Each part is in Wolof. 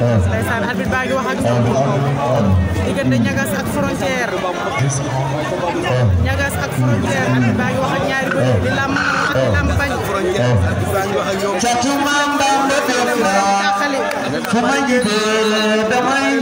ndeysaan arbitre baa ngi wax ak ñoom diggante ñagas ak frontière ñagas ak frontière arbitre baa ngi wax ak ñaari bëri di lam ak di lam bañ catu maam dambe damay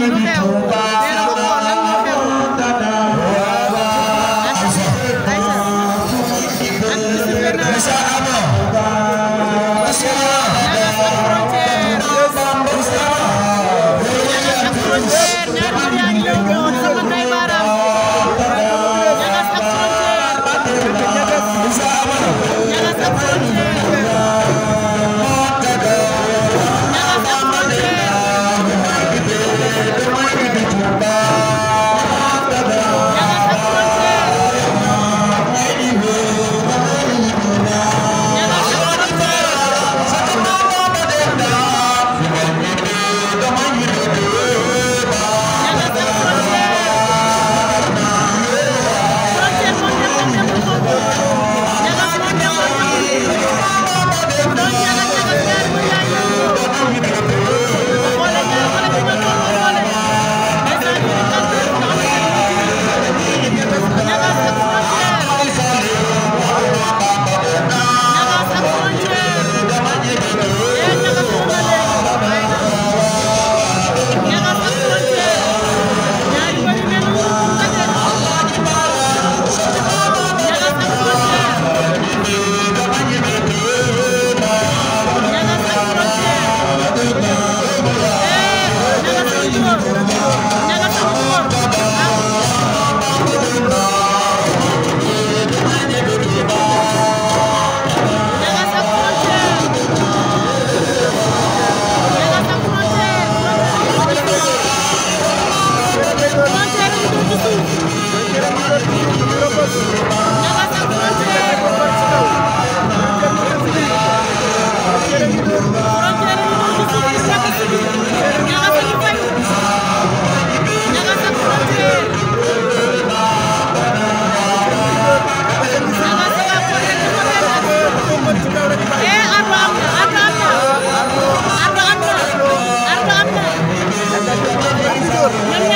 ¡Mamá!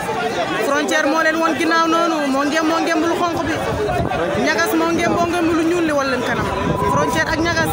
frontière moo leen woon ginnaaw noonu moo ngem moo ngem bul xonq bi ñagas moo ngem boo ngem lu ñuul li wal leen kanam frontière ak ñagas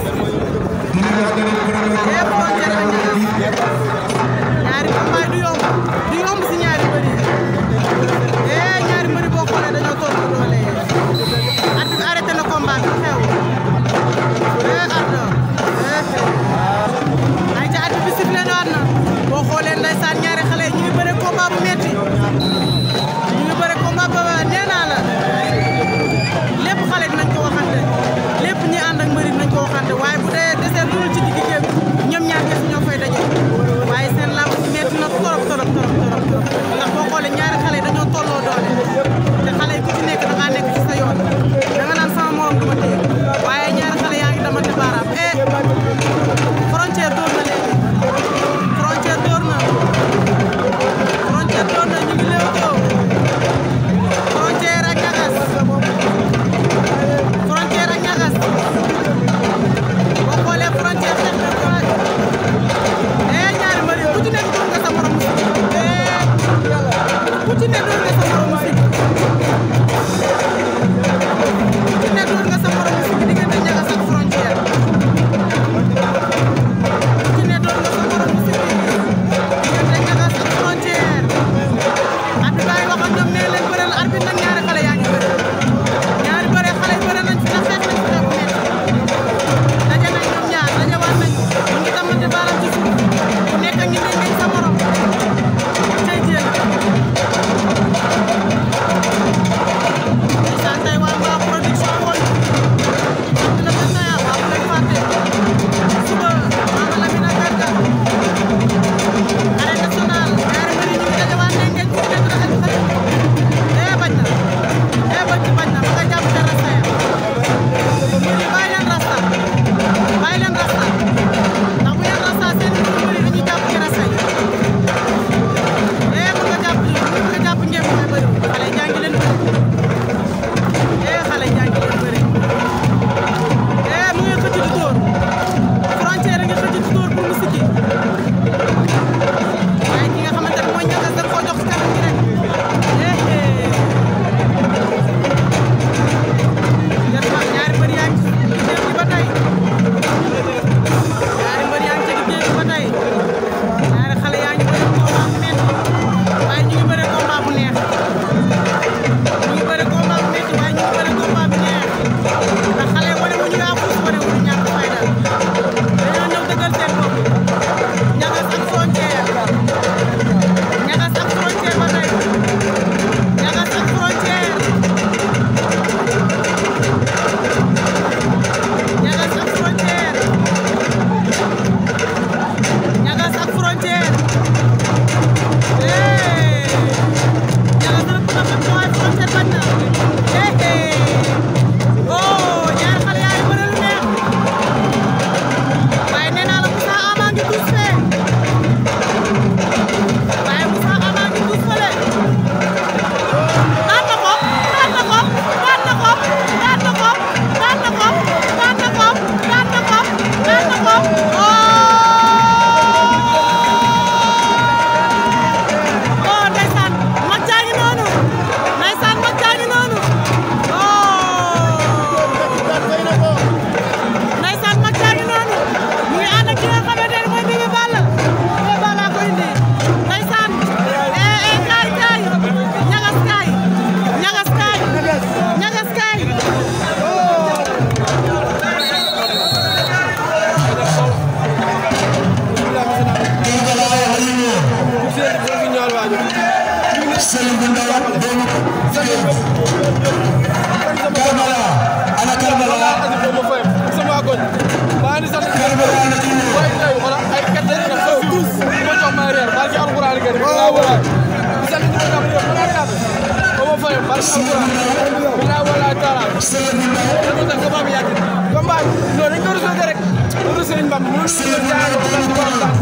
moo tax combat bi yàgg combat bi non dañ ko recevoir rek loolu sëriñ Mbam mënul ñu jaar ko xam ko tax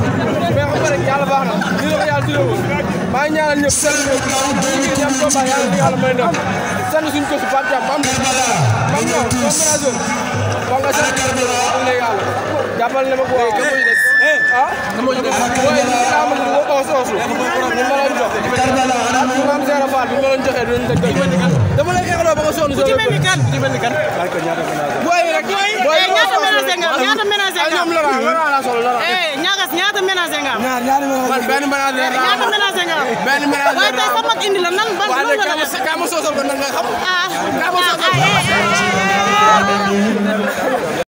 mais xam rek yàlla baax na li la ko yàlla tuddee woon maa ngi ñaanal ñëpp sant ñëpp ñu am combat yàlla di yàlla may ndam sant suñu ko su Pape Diam am am non comme manager wax nga sant ne yàlla jàppal na ma ko waaw ah dama ñu def waaye ñu am lu ko os osu ñu ma leen jox ñu ma leen joxe dinañ ko dama lay xeexloo ba nga sonn ku ci mel ni kan ku ci mel ni kan. booy yi rek booy yi ñaata ménagé nga am ñaata ménagé nga am. ñaagas ñaata ménagé nga am. ñaar ñaata ménagé nga am. man benn ménagé nga am ñaata ménagé nga am. benn la nan la la